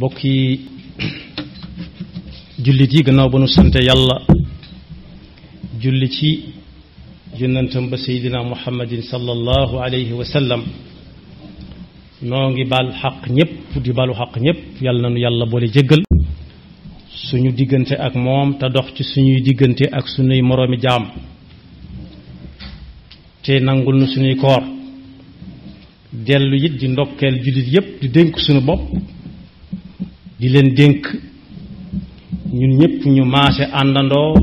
bokki jullit yi gannaaw ba nu sante yàlla jullit ci yonentam ba seydina muhammadin sallallahu alayhi wa sallam noo ngi baal xaq ñëpp di baalu xaq ñëpp yàlla na nu yàlla boole jéggal suñu diggante ak moom te dox ci suñuy diggante ak suñuy moroomi jaam te nangu nu suñuy koor dellu it di ndokkeel jullit yëpp di dénk suñu bopp di leen dénk ñun ñépp ñu maase àndandoo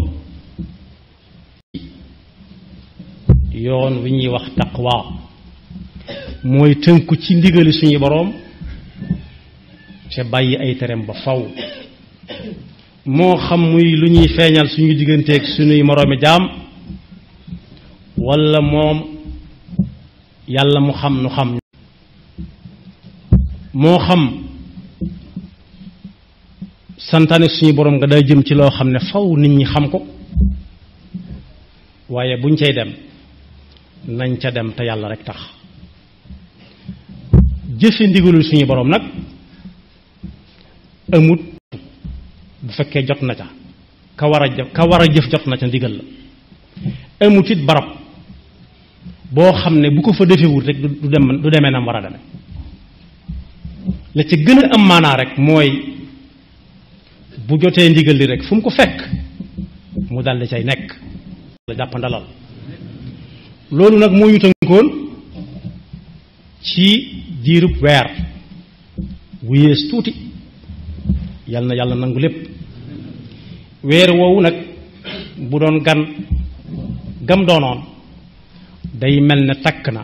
yoon wi ñuy wax taqwa mooy tënku ci ndigali suñu boroom te bàyyi ay tereem ba faw moo xam muy lu ñuy feeñal suñu digganteeg suñuy moroomi jaam walla moom yàlla mu xam nu xam moo xam santaane suñu boroom nga day jëm ci loo xam ne faw nit ñi xam ko waaye buñ cay dem nañ ca dem te yàlla rek tax jëfe ndigalul suñu boroom nag amut bu fekkee jot na ca ka war a jëf ka jot na ca ndigal la amut it barab boo xam ne bu ko fa defewut rek du dem du demee nam war a deme la ca gën a am maanaa rek mooy bu jotee ndigal li rek fu mu ko fekk mu dal di cay nekk la jàppandalal loolu nag moo ñu tënkoon ci diirub weer bu yées tuuti yal na yàlla nangu lépp weer woowu nag bu doon gan gam doonoon day mel na takk na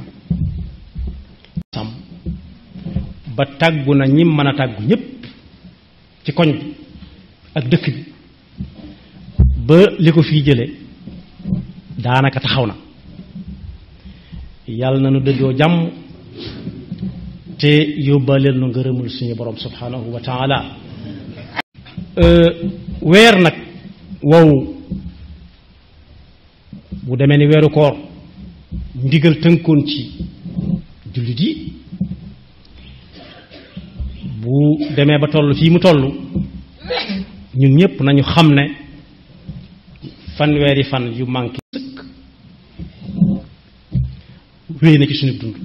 sam ba tàggu na ñi mën a tàggu ñépp ci koñ bi ak dëkk bi ba li ko fii jële daanaka taxaw na yàlla na nu dëddoo jàmm te yóbbaaleel nu ngërëmul suñu borom subhanahu wa taala weer nag wow bu demee ni weeru koor ndigal tënkoon ci jullit yi bu demee ba toll fii mu toll ñun ñëpp nañu xam ne fanweeri fan yu manqué sëkk wéy na ci suñu dund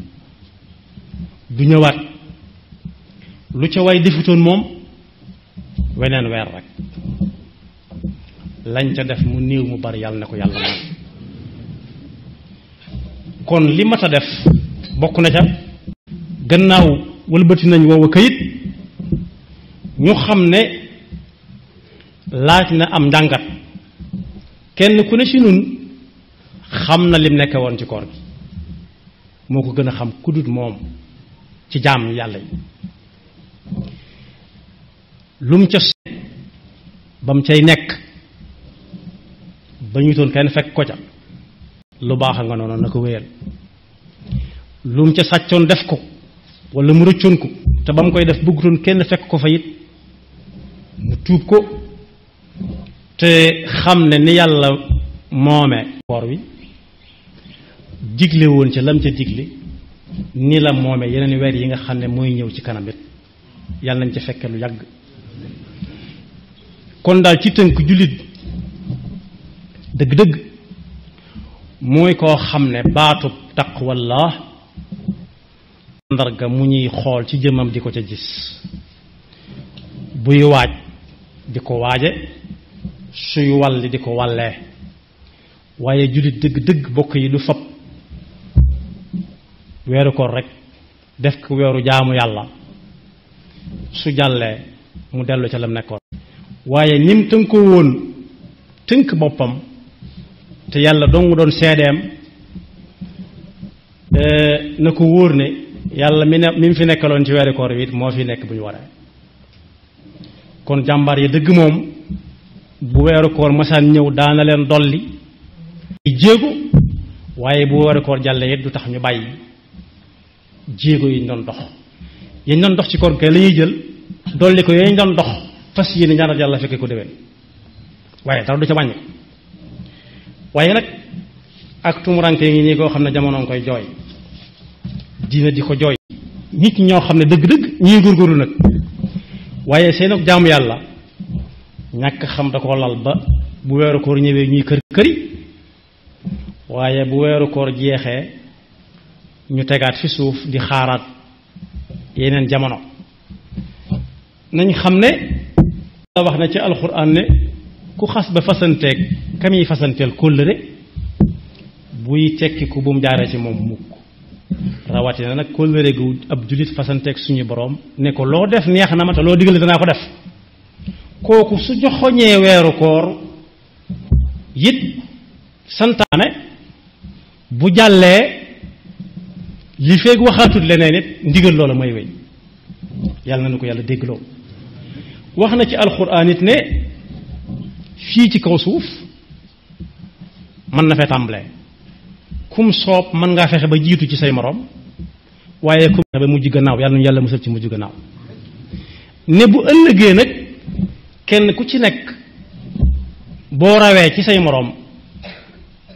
du ñëwaat lu ca way defutoon moom weneen weer rek lañ ca def mu néew mu bari yàlla na ko yàlla man kon li mat a def bokk na ca gannaaw wëlbati nañ woowa kayit ñu xam ne laaj na am njàngat kenn ku ne ci nun xam na lim nekke woon ci koor gi moo ko gën a xam ku moom ci jaam yàlla yi lu mu ca ba cay nekk ba ñu toon kenn fekk ko ca lu baax nga noonu ko wéyal lu mu ca def ko wala mu rëccoon ko te ba mu koy def bëggutoon kenn fekk ko fa it mu tuub ko te xam ne ni yàlla moome koor wi digle woon ca lam ca digle ni la moome yeneen weer yi nga xam ne mooy ñëw ci kanam yàlla nañ ci fekkee lu yàgg kon daal ci tënk jullit dëgg-dëgg mooy koo xam ne baatub taqwallah ndarga mu ñuy xool ci jëmam di ko ca gis buy waaj di ko waaje suy walli di ko wallee waaye jullit dëgg-dëgg bokk yi du fab weeru koor rek def ko weeru jaamu yàlla su jàllee mu dellu ca lam nekkoon waaye nim tënkoo woon tënk boppam te yàlla dongu doon seedeem eh, na ko wóor ne yàlla mi ne mi fi nekkaloon ci weeru koor wi moo fi nekk bu ñu waree kon jàmbaar yi dëgg moom bu weeru koor masaan ñëw daana leen dolli i jéego waaye bu weeru koor jàlle du tax ñu bàyyi jéego yi ñu doon dox yañ doon dox ci koor kay la ñuy jël dolli ko yañ doon dox fas yéene ñaanal yàlla fekke ko déwén waaye dara du ca wàññi waaye nag ak tumuranke ngi nii koo xam ne jamonoon koy jooy diina di ko jooy nit ñoo xam ne dëgg-dëgg ñii góorgóorlu nag waaye seen jaamu yàlla ñàkk xam da ko lal ba bu weeru koor ñëwee ñuy kër këri waaye bu weeru koor jeexee ñu tegaat fi suuf di xaaraat yeneen jamono nañ xam ne la wax na ci alxuraan ne ku xas ba fasanteeg kam yi fasanteel kóllëre buy tekki ku bu mu jaaree ci moom mukk rawatina nag kóllëre gu ab jullit fasanteeg suñu borom ne ko loo def neex na ma te loo digal danaa ko def koku su joxoñee wéru koor yit santane bu jàllee li feeg waxaatut leneen it ndigal loola may wey yàlla na nu ko yàlla déggloo wax na ci alxuraan it ne fii ci kaw suuf mën na fee tàmbalee kum soob mën ngaa fexe ba jiitu ci say morom waaye kum ba mujj gannaaw yàlla na yàlla mësal ci mujj gannaaw ne bu ëllëgee nag kenn ku ci nekk boo rawee ci say moroom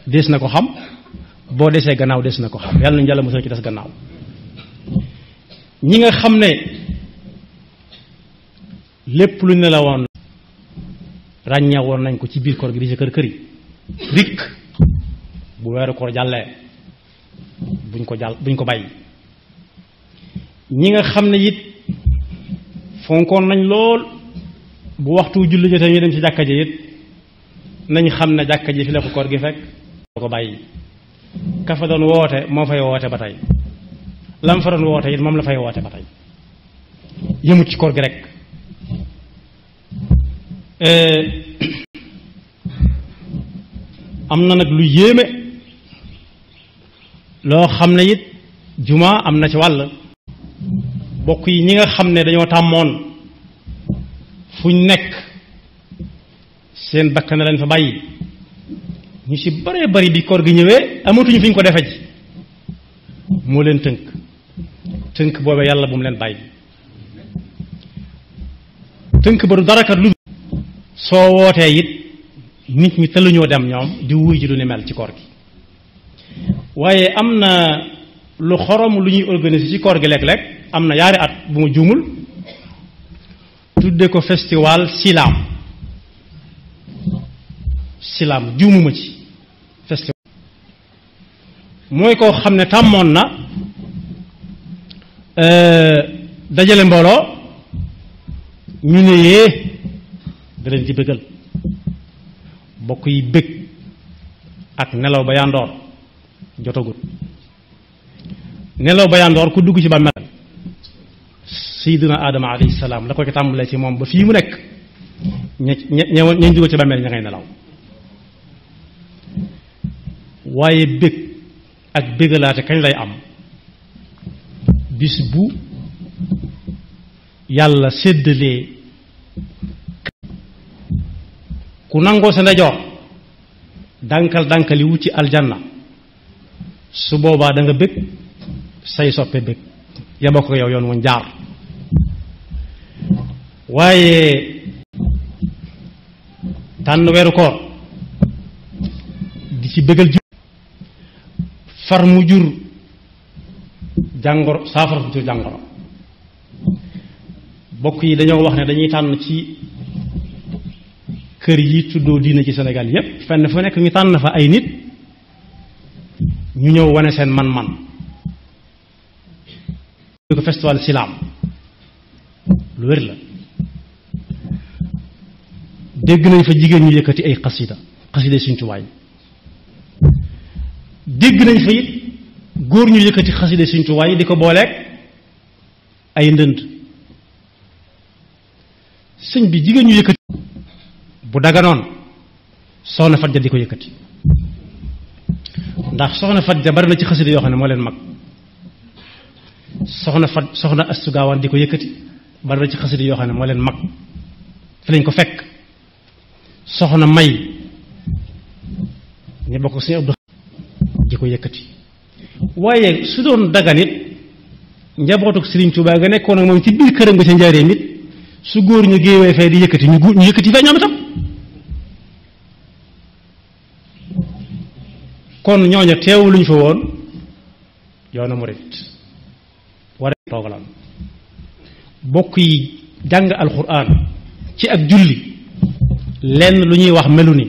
des na ko xam boo desee gannaaw des na ko xam yàlla nañu yàlla mosal ci des gannaaw ñi nga xam ne lépp lu ne la woon nañ ko ci biir koor gi di sa kër kër yi rikk bu weeru koor jàllee buñ ko jàll buñ ko bàyyi ñi nga xam ne it fonkoon nañ lool bu waxtu julli jotee ñu dem ci jàkka ji it nañ xam ne jàkka ji fi la ko koor gi fekk ko bàyyi ka fa doon woote moo fay woote ba tey lam fa doon woote it moom la fay woote ba tey yëmut ci koor gi rek am na nag lu yéeme loo xam ne it jumaa am na ci wàll bokk yi ñi nga xam ne dañoo tàmmoon fuñ nekk seen na leen fa bàyyi ñu ci bare bari bi koor gi ñëwee amatuñu fi ñu ko defe ji moo leen tënk tënk boobee yàlla bu mu leen bàyyi tënk ba du dara kat lu soo wootee it nit ñi tëluñoo dem ñoom di wuy ji lu ni mel ci koor gi waaye am na lu xorom lu ñuy organiser ci koor gi léeg lekk am na yaari at bu ma juumul tudde ko festival silaam silaam juumuma ci festival mooy koo xam ne tàmmoon na euh, dajale mbooloo ñu ne yee da leen ci bëggal bokk yi bëgg ak nelaw ba yandoor jotagut nelaw ba yandoor ku dugg ci ba mel sayyiduna Adama alayhi salaam la ko ci tàmbalee ci moom ba fii mu nekk ña ña ña jóge ña nelaw waaye bég ak bégalaate kañ lay am bis bu yàlla séddalee ku nangoo sa ndejoor dànkal dànkali ci aljana su boobaa da nga bég say soppe bég yama ko yow yoon woon jaar waye tan weeru ko di ci bëggal ju far mu jur jangor safar mu jur bokk yi dañu wax ne dañuy tan ci kër yi tuddo diina ci Sénégal yépp fenn fa nek ñu tan fa ay nit ñu ñëw wane seen man-man festival silam lu wër la dégg nañ fa jigéen ñu yëkkati ay xasida xasida suñ tubaay dégg nañ fa it góor ñu yëkkati xasida suñ tubaay di ko booleeg ay ndënd sëñ bi jigéen ñu yëkkati bu daganoon soxna fajja di ko yëkkati ndax soxna fajja bari na ci xasida yoo xam ne moo leen mag soxna faj soxna astu gaawaan di ko yëkkati bari na ci xasida yoo xam ne moo leen mag fi lañ ko fekk soxna may ñu bokk sëñ abdou jiko ko waye su doon daganit njabotuk sëriñ touba nga nekkoon ak moom ci biir këram nga ca njaaree nit su góor ñu géewee fay di yëkkati ñu ñu yëkkati fee ñoom itam kon ñooña teewu luñ fa woon yoona murit war toogalam bokk yi jàng alquran ci ak julli lenn lu ñuy wax melu ni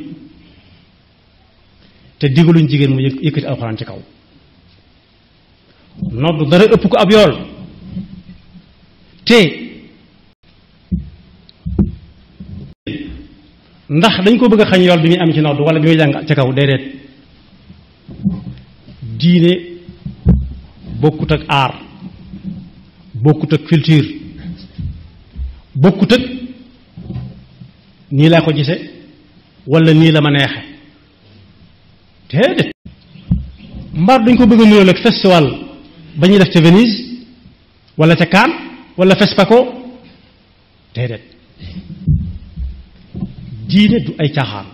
te digaluñ jigéen mu yëkkati alxuraan ci kaw nodd dara ëpp ko ab yool te ndax dañ ko bëgg a xañ yool bi muy am ci nodd wala bi muy jàng ca kaw déedéet diine bokkut ak aar bokkut ak culture bokkut ak nii laa ko gise walla nii la ma neexe déedéet mbaar duñ ko bëgg a nuyool ak festival ba ñu def ca Venise wala ca Cannes wala Fespaco déedéet diine du ay caaxaan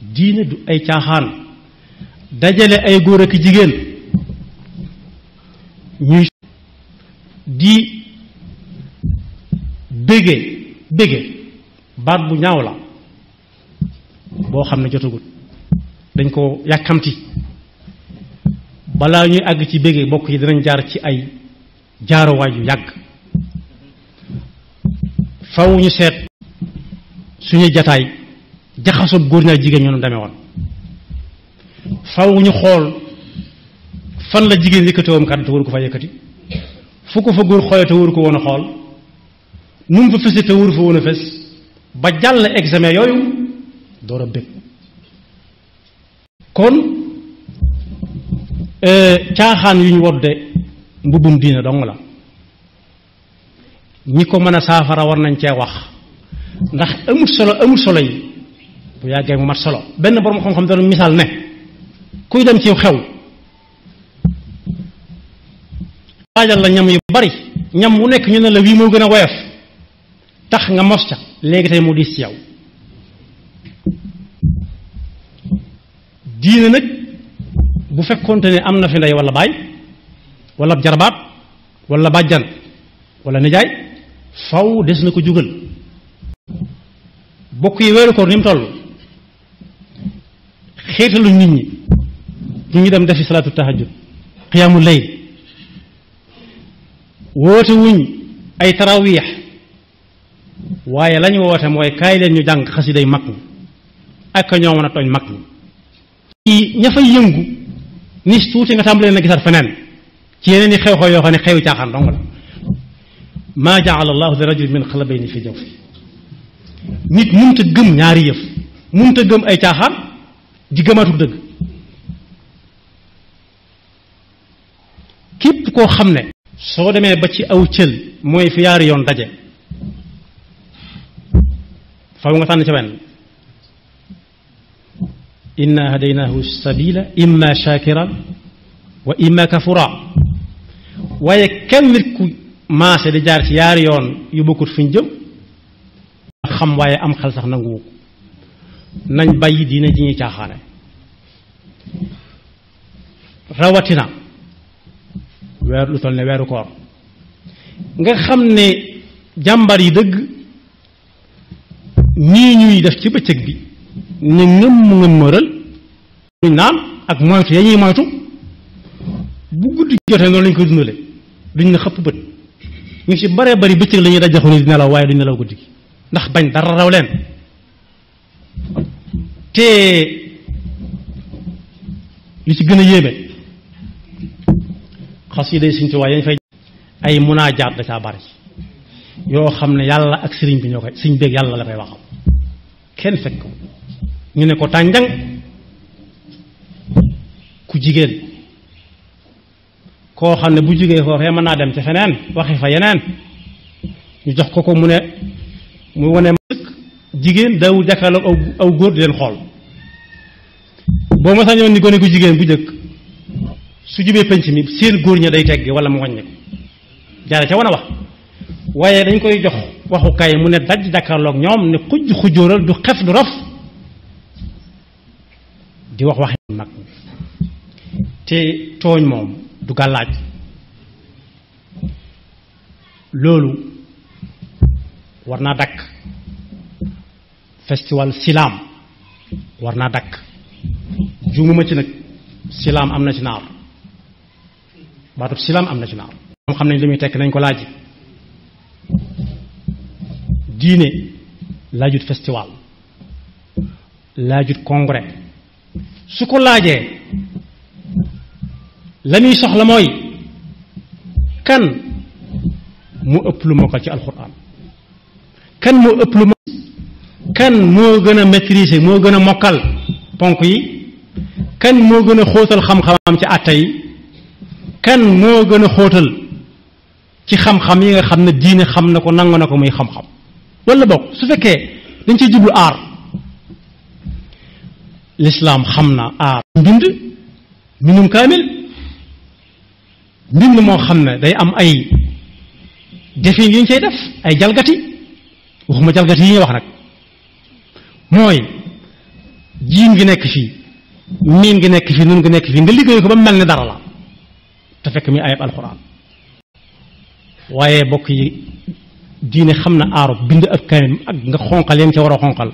diine du ay caaxaan dajale ay góor ak jigéen ñuy di bége bége baat bu ñaaw la boo xam ne jotagut dañ ko yàkkamti balaa ñuy àgg ci béggee bokk yi dinañ jaar ci ay jaaruwaay yu yàgg faw ñu seet suñuy jataay jaxasoo góor ñaak jigéen ñoonu demee woon faw ñu xool fan la jigéen yëkkati kat kàddu te waru ko fa yëkkati fu ko fa góor xoolee te waru ko woon a xool nu mu fa fese te waru fa woon fes ba jàll examen yooyu door a bëgg kon euh, caaxaan yu ñu wodde mbubbum diine dong la ñi ko mën a saafara war nañ cee wax ndax amul solo amul solo yi bu yàggee mu mat solo benn borom xam-xam dana misaal ne kuy dem ci xew waajal la ñam yu bari ñam wu nekk ñu ne la wii moo gën a woyof tax nga mos ca léegi tey mu di ci yow diine nag bu fekkoonte ne am na fi ndey wala baay wala jarbaat wala bàjjan wala nijaay faw des na ko jugal bokk yi weeru koor ni mu toll xeetalu nit ñi ñu ngi dem defi salatu tahajjud qiyamul layl woote wuñ ay tarawiix waaye lañu woote mooy kaay leen ñu jàng xasiday mag ñi ak ñoo mën a tooñ mag ñi ci ña fay yëngu nis tuuti nga tàmbalee na gisat feneen ci yeneen i xew xew yoo xam ne xewi caaxaan dong la maa jaala allahu li rajul min xalabayni fi jawfi nit munta gëm ñaari yëf munta gëm ay caaxaan di gëmaatu dëgg képp koo xam ne soo demee ba ci aw cël mooy fi yaari yoon daje faw nga tànn ci benn inna hadaynaahu sabila imma shakiran wa imma kafura waaye kenn nit ku maase di jaar ci yaari yoon yu bokkut fi ñu jëm xam waaye am xel sax nanguwu ko nañ bàyyi diine ji ñuy caaxaane rawatina weer lu toll ne weeru koor nga xam ne jàmbar yi dëgg nii ñuy def ci bëccëg bi ne ngëmm ngëmmëral luñ naan ak moytu ya ñuy moytu bu guddi jotee noonu lañ koy dundale duñ ne xëpp bët ñu ci bare bari bëccëg la dajaxu ni di waaye duñ nelaw guddi gi ndax bañ dara raw leen te li ci gën a yéeme xasida yi Sëriñ Tuubaa yañ fay ay munaajaat da caa bari yoo xam ne yàlla ak sëriñ bi ñoo koy sëriñ beeg yàlla la koy waxal kenn fekk ñu ne ko tànjang ku jigéen koo xam ne bu jigéen jugee foofee mën naa dem ca feneen waxi fa yeneen ñu jox ko ko mu ne mu wane ma jigéen daawul jàkkaarloog aw aw góor di leen xool boo ma sañoon ni gone ku jigéen bu njëkk su jubee penc mi seen góor ña day tegg wala mu wàññi ko jaare ca wan wax waaye dañ koy jox waxukaay mu ne daj jàkkaarloog ñoom ne xujj xujjóoral du xef du rof di wax wax mag te tooñ moom du gàllaaj loolu war naa dakk festival silaam war naa dakk juumuma ci nag silaam am na ci naar baatub silaam am na ci naar moom xam nañ li tekk nañ ko laaj diine laajut festival laajut congrès su ko laajee la muy soxla mooy kan mu ëpp lu mokkal ci alxuraan kan moo ëpp lu kan moo gën a maîtriser moo gën a mokkal ponk yi kan moo gën a xootal xam am ci àtta yi kan moo gën a xootal ci xam-xam yi nga xam ne diine xam na ko nangu na ko muy xam-xam wala bokk su fekkee dañ ciy jiblu aar lislaam xam na aar mbind mbindum kaamil mbind moo xam ne day am ay defin yi ñu cay def ay jalgati waxuma jalgati yi ñuy wax nag mooy jiim ngi nekk fii miim ngi nekk fii nun gi nekk fii nga liggéey ko ba mel ne dara la te fekk mi ayab alxuraan waaye bokk yi diine xamna na bind ak kaamil ak nga xonkal yaa ci wara xonkal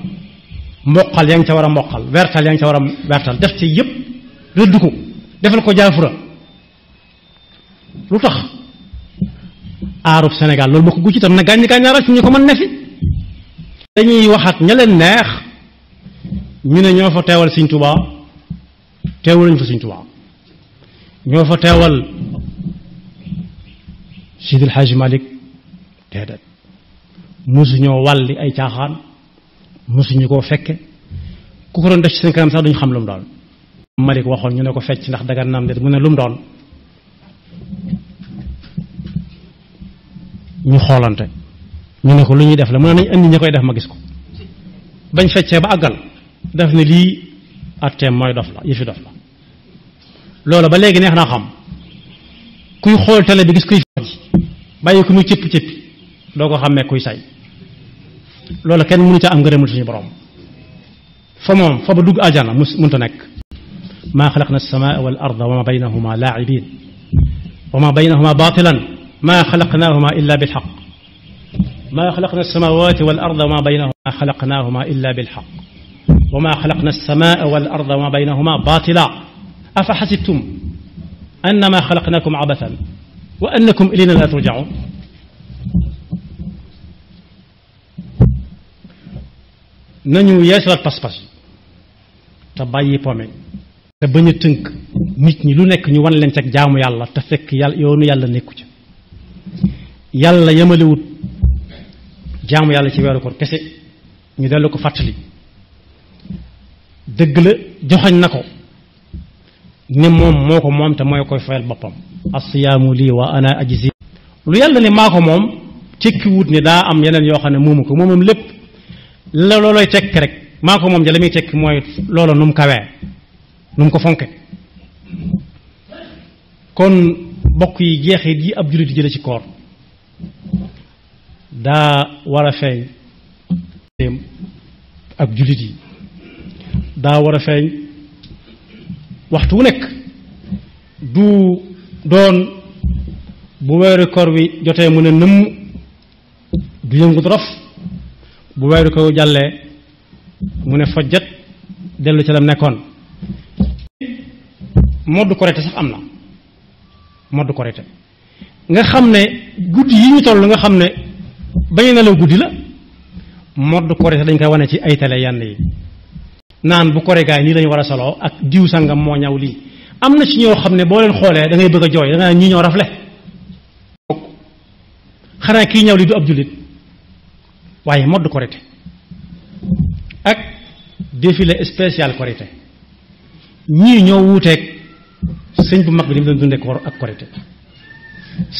mokal xonqal ci wara mokal wertal yaa ci wara wertal def ci yeb rëdd ko defal ko jafura lutax tax Sénégal loolu boo ko gucci tam na gàññ gàññaaral fi ñu ko man nefi dañuy waxaat ña leen neex ñu ne ñoo fa teewal Sëñ touba teewal ñu fa Sëñ touba ñoo fa teewal sidil El malik dedet mosuñoo wàlli ay caaxaan ñu koo fekke ku ko doon def ci seen kanam sax duñu xam lu mu doon malik waxoon ñu ne ko fecc ndax dagan nam déet mu ne lu mu doon ñu xoolante ñu ne ko lu ñuy def la mu ne nañ indi ña koy def ma gis ko bañ feccee ba àggal daf ne lii atteem mooy dof la yëfi dof la loolu ba léegi neex naa xam kuy xool télé bi gis kuy fecc bàyyi ko mu cëpp cëppi ما خلقنا السماء والأرض وما بينهما ما ما خلقنا السماوات والأرض وما بينهما خلقناهما إلا بالحق وما خلقنا السماء والأرض وما بينهما باطلا أفحسبتم أنما خلقناكم عبثا وأنكم إلينا لا ترجعون nañu yeesalaat pas-pas te bàyyi pome te bañ tënk nit ñi lu nekk ñu wan leen cag jaamu yàlla te fekk yàlla yoonu yàlla nekku ca yàlla yemalewut jaamu yàlla ci weeru koor kese ñu dellu ko fàttali dëgg la joxañ na ko ne moom moo ko moom te mooy koy fayal boppam asiyaamu lii waa ana ajzi lu yàlla ne maa ko moom tekki wut ne daa am yeneen yoo xam ne moomu ko moomam lépp la loolooy tekk rek maa ko moom ja la muy tekk mooy loola nu mu kawee nu ko fonke kon bokk yi jeexit yi ab jullit di jële ci koor daa war a feeñ ak jullit yi daa war a feeñ waxtu wu nekk du doon bu weeru koor wi jotee mu ne nëmm du yëngu dorof bu weeru ko jàllee mu ne fojjat dellu ci lam nekkoon modd korite sax am na modd korite nga xam ne guddi yi ñu toll nga xam ne bañu nelaw guddi la modd korite dañ koy wane ci ay télé yenn yi naan bu kore gaay nii lañu war a soloo ak diw sangam moo ñaw lii am na ci ñoo xam ne boo leen xoolee dangay bëgg a jooy da nga ñi ñoo rafle xanaa kii ñaw lii du ab jullit waaye modd korité ak défilé spécial korité ñii ñoo wuuteeg sëñ bu mag bi ni mu doon ak korité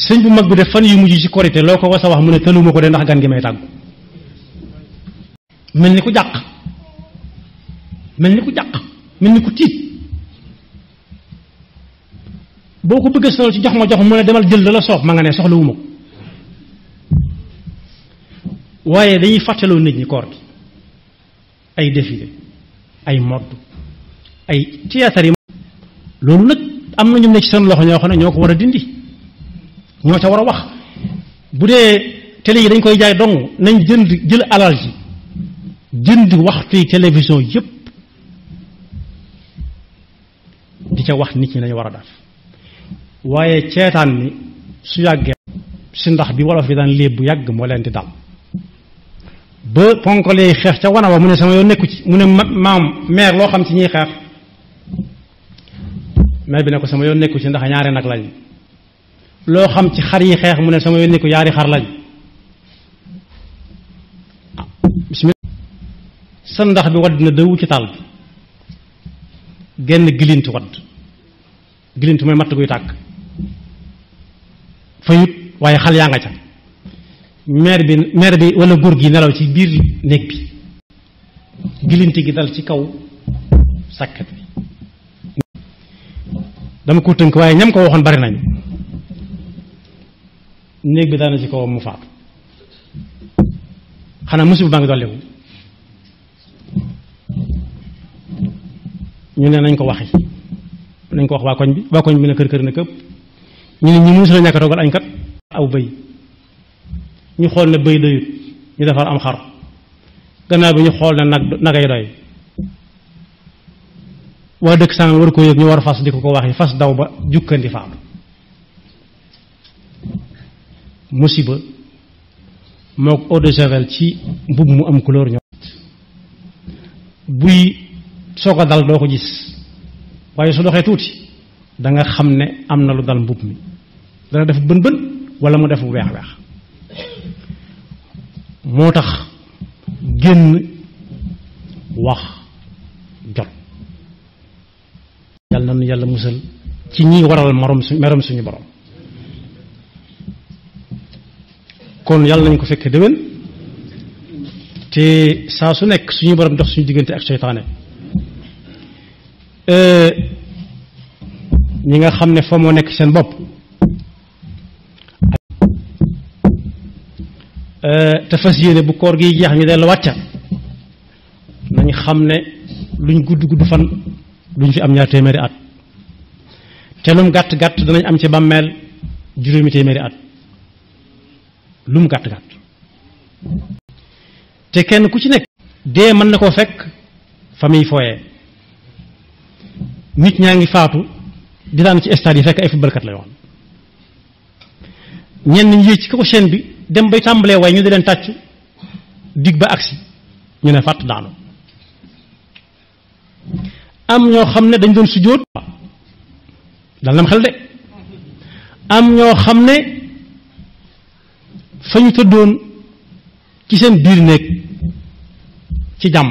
sëñ bu mag bi def fan yu mujj ci korité loo ko was a wax mu ne tëluma ko de ndax gan gi may tàggu mel ni ku jàq mel ni ku jàq mel ni ku tiit boo ko bëgg a ci jox ma jox mu ne demal jël la la soob ma nga ne soxla wu ma ko waaye dañuy fàttaloo nit ñi koor gi ay défilé ay modd ay théâtre yi loolu nag am na ñu ne ci seen loxo ñoo xam ne ñoo ko war a dindi ñoo ca war a wax bu dee télé yi dañ koy jaay dong nañ jënd jël alal ji jënd waxtu yi télévision yépp di ca wax nit ñi lañu war a def waaye ceetaan ni su yàggee si ndax bi wolof yi daan lébb yàgg moo leen di dal ba ponkal yooyu xeex ca wana mu ne sama yoon nekku ci mu ne maam meer loo xam ci ñuy xeex meer bi ne ko sama yoon nekku ci ndax ñaari nag lañ loo xam ci xar yi xeex mu ne sama yoon nekku ñaari xar lañ sa ndax bi wadd na dëwu ci taal bi genn gilint wadd gilint mooy matt guy tàkk fayut waaye xal yaa nga ca maire bi maire bi wala góor gi nelaw ci biir néeg bi gilinte gi dal ci kaw sàkket bi dama ko tënk waaye ñam ko waxoon bari nañu néeg bi daana ci kawam mu xanaa musiba baa ngi dolliwu ñu ne nañ ko waxi nañ ko wax waa koñ bi waa koñ bi ne kër kër na këpp ñu ne ñu mënu si la ñàkk toggal añ kat aw bëy ñu xool ne bëy doyut ñu defar am xar gannaaw bi ñu xool ne nag nagay doy waa dëkk sàngal war ko ñu war fas di ko ko fas daw ba jukkandi faam musiba mook eau de javel ci mbub mu am couleur ñoo buy soo ko dal doo ko gis waaye su doxee tuuti da nga xam am lu dal mbub mi dana def bën bën wala mu def moo tax génn wax jot yàlla na yàlla musal ci ñi waral morom su merom suñu borom kon yàlla nañ ko fekkee déwén te saa su nekk suñu borom dox suñu diggante ak seytaane euh, ñi nga xam ne fa moo nekk seen bopp Eh, te fas yéene bu koor gi jeex ñu dellu wàcca nañ xam luñ gudd gudd fan duñ fi am ñaar téeméeri at te lum gàtt gàtt danañ am ci bàmmeel juróomi téeméeri at lum gàtt gàtt te kenn ku ci nekk dee mën na koo fekk famille foyee nit ñaa faatu di daan ci stade yi fekk ay footballkat la yoon ñenn ñi ci ko chaîne bi dem bay tambalé way ñu di len tàccu dig ba aksi ñu ne fat daanu am ño xamne dañ doon sujoot dal nam xel de am ño xamne fañu fa ñu ci seen biir néeg ci jàmm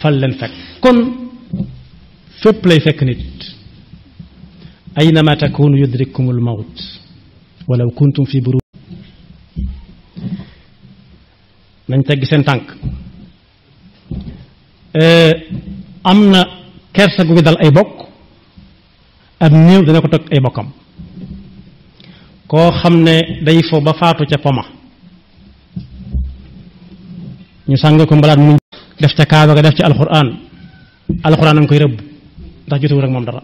fal leen fekk kon fépp lay fekk nit aynama takunu yudrikkumul mawt walaw kuntum fi buru nañ teggi seen tànk euh, am na kersa gu dal ay bokk ab néew dana ko toj ay bokkam koo xam ne day fo ba faatu ca poma ñu sàng ko mbalaat mu def ca kaaba ga def ci alxuraan alxuraan nañ koy rëbb ndax jotewul ak moom dara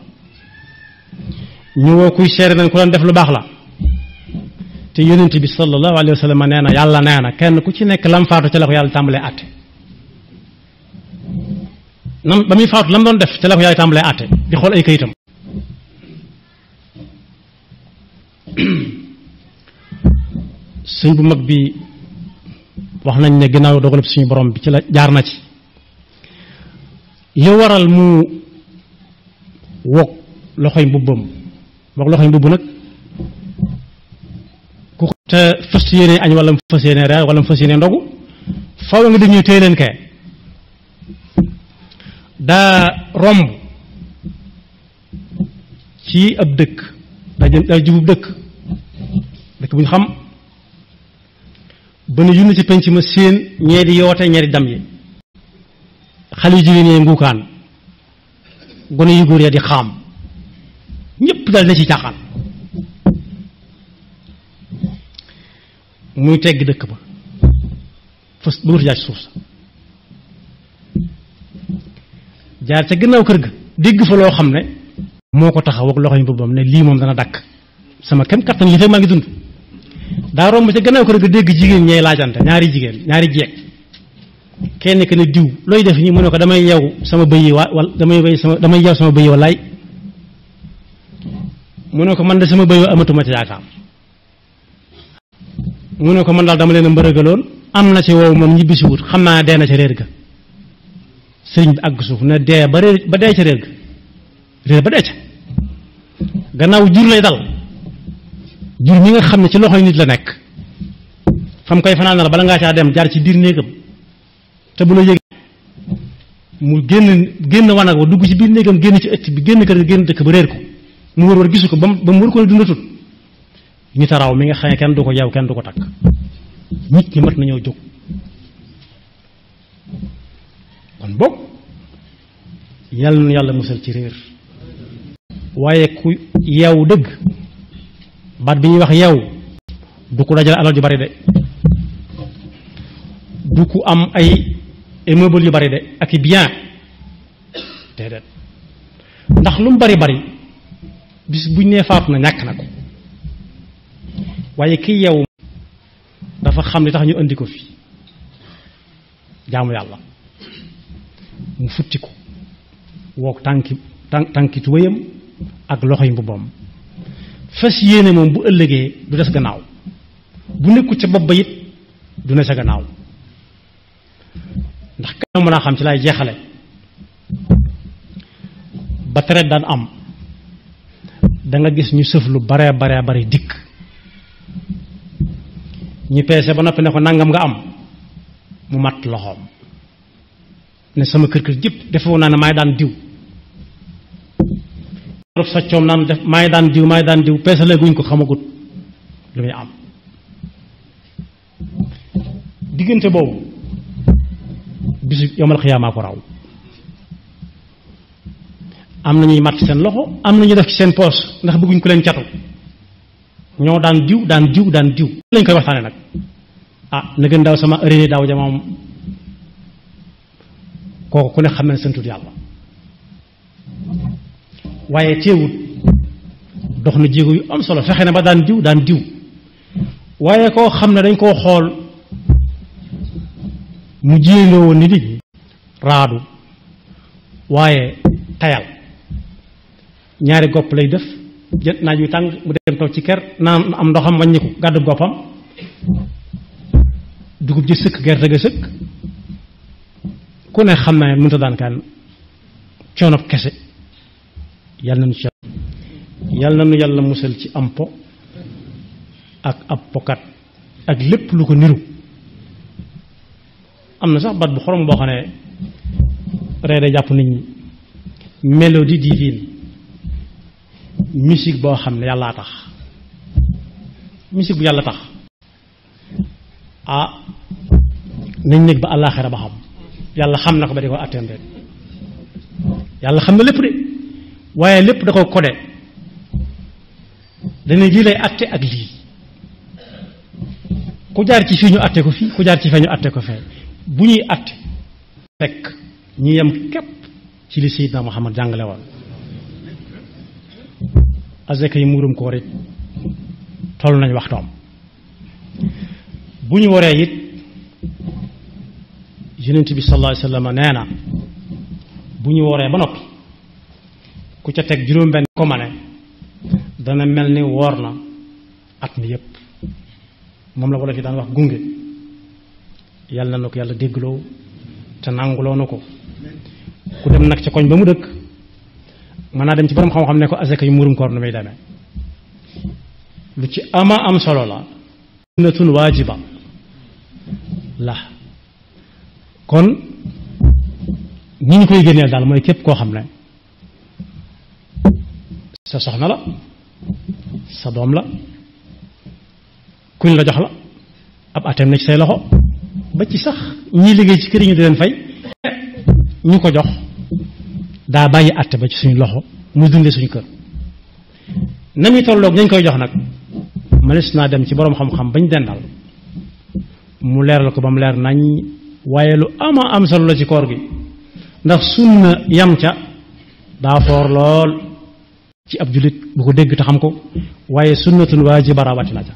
ñu woo kuy seere nañ ku doon def lu baax la te yonent bi sallallahu alayhi wa sallam nee na yàlla nee kenn ku ci nekk lam faatu ca la ko yàlla tàmbalee àtte nam ba muy faatu lam doon def ca la ko yàlla tàmbalee àtte di xool ay kayitam sëñ bu mag bi wax nañ ne ginnaaw dogalub suñu borom bi ci la jaar na ci li waral mu wokk loxoy mbubbam wokk loxoy mbubb nag te fas yéene añ wala mu fas yéene reer wala mu fas yéene ndogu faw nga dem ñu téye kay daa romb ci ab dëkk daa jëm daa jubub dëkk dëkk bu ñu xam ba ne yunn ci penc ma séen ñee di yoote ñee di dam yi xale yu jigéen yee nguukaan gone yu góor di xaam ñépp dal na ci caaxaan muy tegg dëkk ba fas bu dut jaaj suuf sa jaar ca gënaaw kër ga dégg fa loo xam ne moo ko taxaw ak loxoñ boppam ne lii moom dana dakk sama kem kattan yi fekk maa ngi dund daa romb ca gënaaw kër ga dégg jigéen ñay laajante ñaari jigéen ñaari jeeg kenn ke ne diw looy def ni mu ne ko damay yew sama bëyi wa wal damay bëy sama damay yew sama bëyi walaay mu ne ko man de sama bëyi amatuma ci yaakaar mu ne ko man daal dama leen a am na ci wow moom ñibbi si wut xam naa dee na ca réer ga sëriñ bi àgg suuf na dee ba réer ba dee ca réer ga réer ba dee ca gannaaw jur lay dal jur mi nga xam ne ci yi nit la nekk fam koy fanaan la bala ngaa caa dem jaar ci biir néegam te bu la yëg mu génn génn wanag wa dugg ci biir néegam génn ci ëtt bi génn kër génn dëkk ba réer ko mu wër wër gisu ko ba mu wër ko ne dundatul taraw mi nga xane kenn du ko jaw kenn du ko takk nit ñi mat nañu jóg kon bok yalla ñu yalla musal ci reer waye ku yeew deug baat bi wax du dajal alal ju bari de du ko am ay immeuble yu bari de ak bien dedet ndax lu bari bari bis buñ né faatu na ñak na waaye ki yeewu dafa xam li tax ñu indi ko fi jaamu yàlla mu futti ko wook tànki tànki tuwéyam ak loxo yi mbubbam fas yéene moom bu ëllëgee du des gannaaw bu nekku ca bopp ba it du ne sa gannaaw ndax kanam mën a xam ci lay jeexale ba tere daan am da nga gis ñu sëf lu bare bare bare dikk ñu peese ba noppi ne ko nangam nga am mu matt loxoom ne sama kër kër jëpp defoo naa ne maay daan diw rob soccoom naan def maay daan diw maay daan diw peese ko xamagut lu muy am diggante boobu bisu yomal xiyaamaa ko raw am na ñuy mat seen loxo am na ñuy def ci seen poos ndax bëgguñ ko leen catu ñoo daan diw daan diw daan diw lañ koy waxtaane nag ah na gën sama réer daaw ja moom kooku ku ne xam ne santud yàlla waaye teewut dox na jéego yu am solo fexe na ba daan diw daan diw waaye koo xam ne dañ koo xool mu jéeloo woon ni di raadu waaye tayal ñaari gopp lay def jël naaj wi tàng mu dem toog ci ker naan am ndoxam wàññiku gàddu goppam dugub ji sëkk gerte ga sëkk ku ne xam naa mënta daan kaan coonof kese yàlla nañu ci yàlla nañu yàlla musal ci am po ak ab pokat ak lépp lu ko niru am na sax bat bu xorom boo xam ne ree day jàpp nit ñi mélodie divine musique boo xam ne yàllaa tax musique bu yàlla tax ah nañ nekk ba àllaaxira ba xam yàlla xam na ko ba di ko atteindre yàlla xam na lépp de waaye lépp da ko codé dana lii lay atte ak lii ku jaar ci fii ñu atte ko fii ku jaar ci fee ñu atte ko fee bu ñuy atte fekk ñu yam képp ci li Seydina Muhammad jàngale woon azaka yi muurum koor it toll nañ waxtoom bu ñu woree it yonent bi sallallahu alayhi wa nee na bu ñu waree ba noppi ku ca teg juróom-benn ko ma dana mel ni woor na at mi yépp moom la wala fi daan wax gunge yàlla na ko yàlla déggloo te nanguloo na ko ku dem nag ca koñ ba mu dëkk mën naa dem ci borom xam-xam ne ko asaka yu murum koor nu muy demee lu ci ama am solo la sunnatun waajiba la kon ni ñu koy génneel daal mooy képp koo xam ne sa soxna la sa doom la kuñ la jox la ab atem na ci say loxo ba ci sax ñii liggéey ci kër yi ñu di leen fay ñu ko jox daa bàyyi àtte ba ci suñu loxo mu dundee suñu kër na muy tolloog dañ koy jox nag mënees naa dem ci boroom xam-xam bañ dendal mu leeral ko ba mu leer nañ waaye lu ama am solo la ci koor gi ndax sunna yam ca daa foor lool ci ab jullit bu ko dégg te xam ko waaye sunnatun waajiba rawatina ca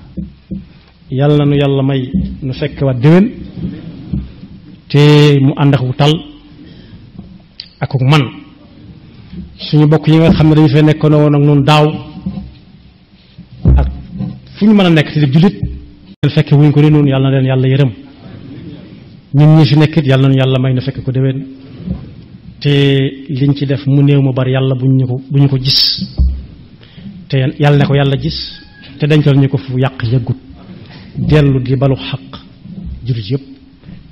yàlla na nu yàlla may nu fekk wat déwén te mu ànd ak wu tal ak man suñu bokk yi nga xam ne dañu fee nekkoon woon ak noonu daaw ak fu ñu mën a nekk di julit dañ fekke wuñ ko ne noonu yàlla na leen yàlla yërëm ñun ñi fi nekkit yàlla nañu yàlla may na fekk ko déwén te liñ ci def mu néew mu bari yàlla buñ ñu ko buñ ko gis te yàlla ne ko yàlla gis te dencal ñu ko fu yàq yëggut dellu di balu xaq julit yëpp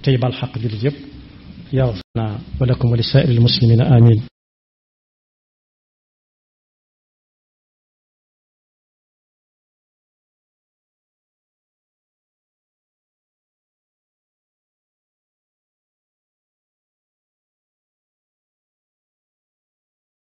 tey bal xaq julit yëpp يغفرنا ولكم ولسائر المسلمين آمين